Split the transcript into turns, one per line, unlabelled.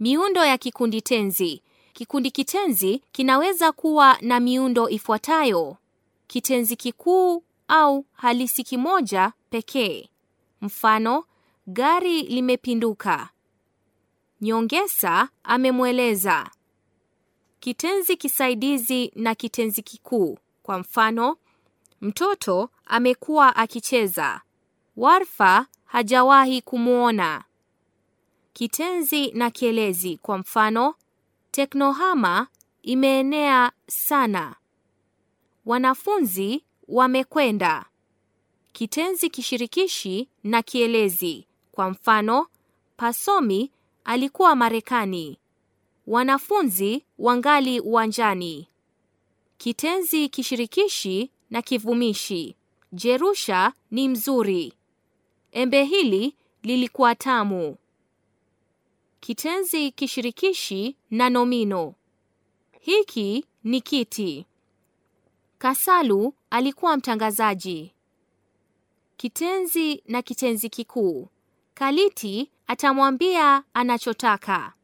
Miundo ya kikundi tenzi. Kikundi kitenzi kinaweza kuwa na miundo ifuatayo: kitenzi kikuu au halisi kimoja pekee. Mfano, gari limepinduka. Nyongesa amemweleza. Kitenzi kisaidizi na kitenzi kikuu. Kwa mfano, mtoto amekuwa akicheza. Warfa hajawahi kumwona. Kitenzi na kielezi kwa mfano, teknohama imeenea sana. Wanafunzi wamekwenda. Kitenzi kishirikishi na kielezi kwa mfano, Pasomi alikuwa Marekani. Wanafunzi wangali uwanjani. Kitenzi kishirikishi na kivumishi. Jerusha ni mzuri. Embe hili lilikuwa tamu. Kitenzi kishirikishi na nomino. Hiki ni kiti. Kasalu alikuwa mtangazaji. Kitenzi na kitenzi kikuu. Kaliti atamwambia anachotaka.